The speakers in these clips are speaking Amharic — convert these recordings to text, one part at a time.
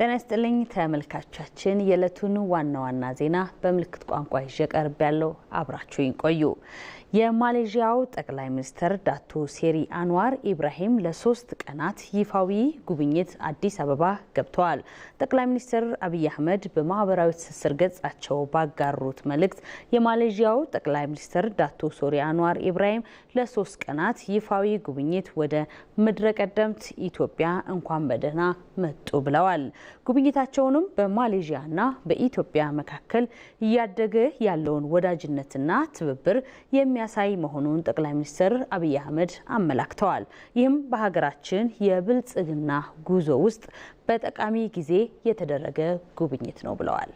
ጤና ይስጥልኝ ተመልካቻችን፣ የዕለቱን ዋና ዋና ዜና በምልክት ቋንቋ ይዤ ቀርብ ያለው አብራችሁኝ ይቆዩ። የማሌዥያው ጠቅላይ ሚኒስትር ዳቶ ሴሪ አንዋር ኢብራሂም ለሶስት ቀናት ይፋዊ ጉብኝት አዲስ አበባ ገብተዋል። ጠቅላይ ሚኒስትር አብይ አህመድ በማህበራዊ ትስስር ገጻቸው ባጋሩት መልእክት የማሌዥያው ጠቅላይ ሚኒስትር ዳቶ ሶሪ አንዋር ኢብራሂም ለሶስት ቀናት ይፋዊ ጉብኝት ወደ ምድረ ቀደምት ኢትዮጵያ እንኳን በደህና መጡ ብለዋል። ጉብኝታቸውንም በማሌዥያና በኢትዮጵያ መካከል እያደገ ያለውን ወዳጅነትና ትብብር የሚያሳይ መሆኑን ጠቅላይ ሚኒስትር አብይ አህመድ አመላክተዋል። ይህም በሀገራችን የብልጽግና ጉዞ ውስጥ በጠቃሚ ጊዜ የተደረገ ጉብኝት ነው ብለዋል።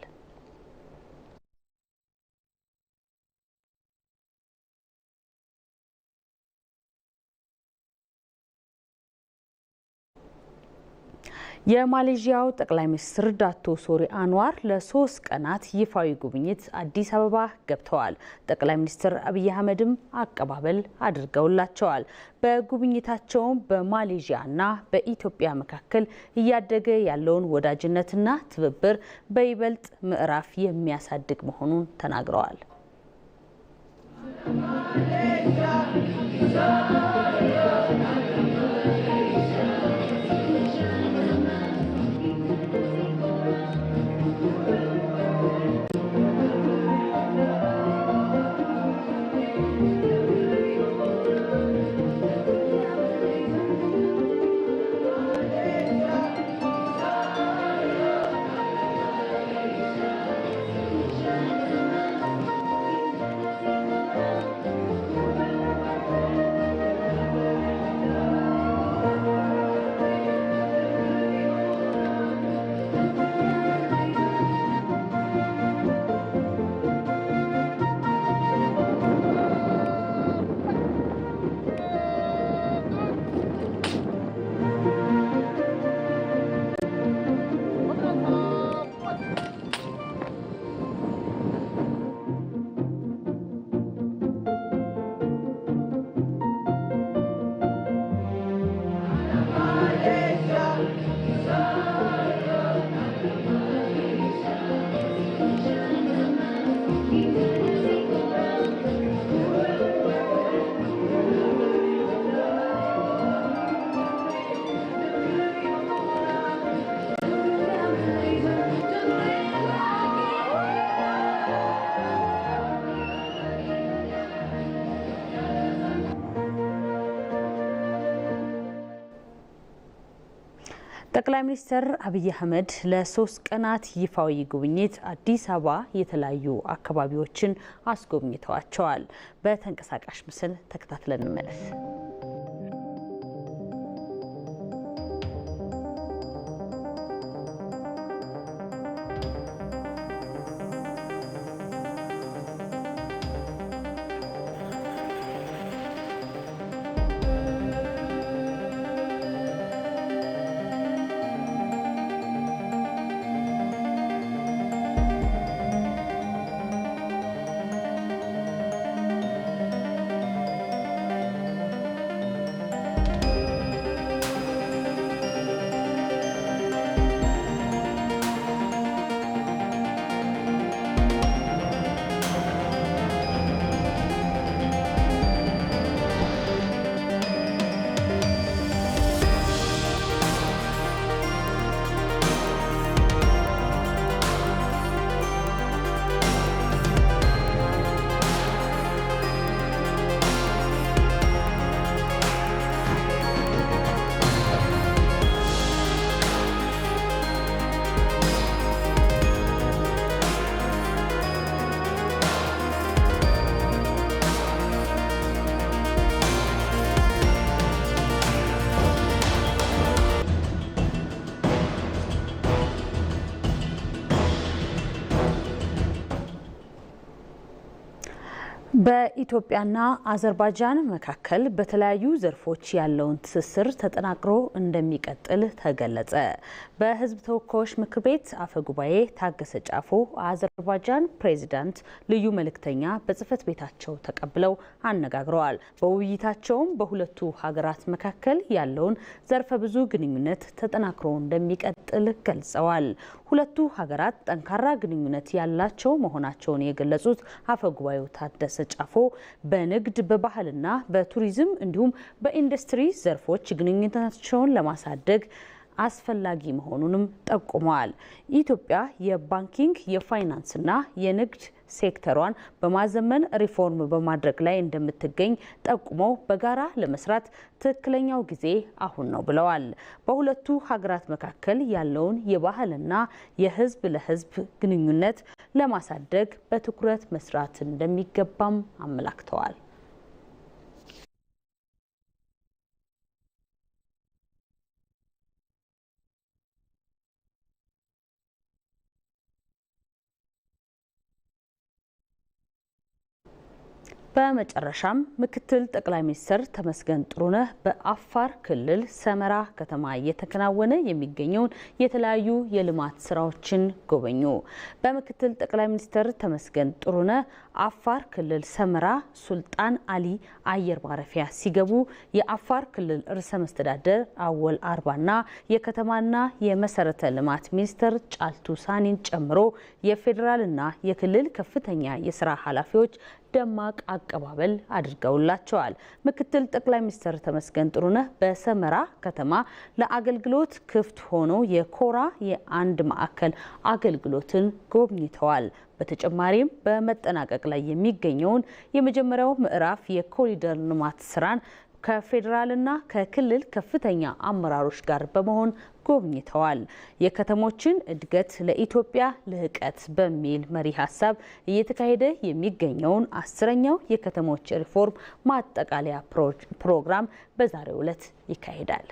የማሌዥያው ጠቅላይ ሚኒስትር ዳቶ ሶሪ አንዋር ለሶስት ቀናት ይፋዊ ጉብኝት አዲስ አበባ ገብተዋል። ጠቅላይ ሚኒስትር አብይ አህመድም አቀባበል አድርገውላቸዋል። በጉብኝታቸውም በማሌዥያና በኢትዮጵያ መካከል እያደገ ያለውን ወዳጅነትና ትብብር በይበልጥ ምዕራፍ የሚያሳድግ መሆኑን ተናግረዋል። ጠቅላይ ሚኒስትር አብይ አህመድ ለሶስት ቀናት ይፋዊ ጉብኝት አዲስ አበባ የተለያዩ አካባቢዎችን አስጎብኝተዋቸዋል። በተንቀሳቃሽ ምስል ተከታትለን እንመለስ። በኢትዮጵያና አዘርባጃን መካከል በተለያዩ ዘርፎች ያለውን ትስስር ተጠናክሮ እንደሚቀጥል ተገለጸ። በሕዝብ ተወካዮች ምክር ቤት አፈ ጉባኤ ታገሰ ጫፎ አዘርባጃን ፕሬዚዳንት ልዩ መልእክተኛ በጽህፈት ቤታቸው ተቀብለው አነጋግረዋል። በውይይታቸውም በሁለቱ ሀገራት መካከል ያለውን ዘርፈ ብዙ ግንኙነት ተጠናክሮ እንደሚቀጥል ገልጸዋል። ሁለቱ ሀገራት ጠንካራ ግንኙነት ያላቸው መሆናቸውን የገለጹት አፈ ጉባኤው ታደሰ ጫፎ በንግድ በባህልና በቱሪዝም እንዲሁም በኢንዱስትሪ ዘርፎች ግንኙነታቸውን ለማሳደግ አስፈላጊ መሆኑንም ጠቁመዋል። ኢትዮጵያ የባንኪንግ የፋይናንስና የንግድ ሴክተሯን በማዘመን ሪፎርም በማድረግ ላይ እንደምትገኝ ጠቁመው በጋራ ለመስራት ትክክለኛው ጊዜ አሁን ነው ብለዋል። በሁለቱ ሀገራት መካከል ያለውን የባህልና የህዝብ ለህዝብ ግንኙነት ለማሳደግ በትኩረት መስራት እንደሚገባም አመላክተዋል። በመጨረሻም ምክትል ጠቅላይ ሚኒስትር ተመስገን ጥሩነህ በአፋር ክልል ሰመራ ከተማ እየተከናወነ የሚገኘውን የተለያዩ የልማት ስራዎችን ጎበኙ። በምክትል ጠቅላይ ሚኒስትር ተመስገን ጥሩነህ አፋር ክልል ሰመራ ሱልጣን አሊ አየር ማረፊያ ሲገቡ የአፋር ክልል ርዕሰ መስተዳደር አወል አርባና የከተማና የመሰረተ ልማት ሚኒስትር ጫልቱ ሳኒን ጨምሮ የፌዴራልና የክልል ከፍተኛ የስራ ኃላፊዎች ደማቅ አቀባበል አድርገውላቸዋል። ምክትል ጠቅላይ ሚኒስትር ተመስገን ጥሩነህ በሰመራ ከተማ ለአገልግሎት ክፍት ሆኖ የኮራ የአንድ ማዕከል አገልግሎትን ጎብኝተዋል። በተጨማሪም በመጠናቀቅ ላይ የሚገኘውን የመጀመሪያው ምዕራፍ የኮሪደር ልማት ስራን ከፌዴራልና ከክልል ከፍተኛ አመራሮች ጋር በመሆን ጎብኝተዋል። የከተሞችን እድገት ለኢትዮጵያ ልህቀት በሚል መሪ ሀሳብ እየተካሄደ የሚገኘውን አስረኛው የከተሞች ሪፎርም ማጠቃለያ ፕሮግራም በዛሬው ዕለት ይካሄዳል።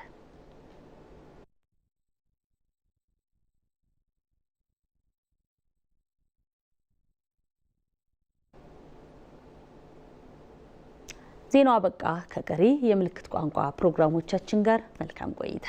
ዜናው አበቃ። ከቀሪ የምልክት ቋንቋ ፕሮግራሞቻችን ጋር መልካም ቆይታ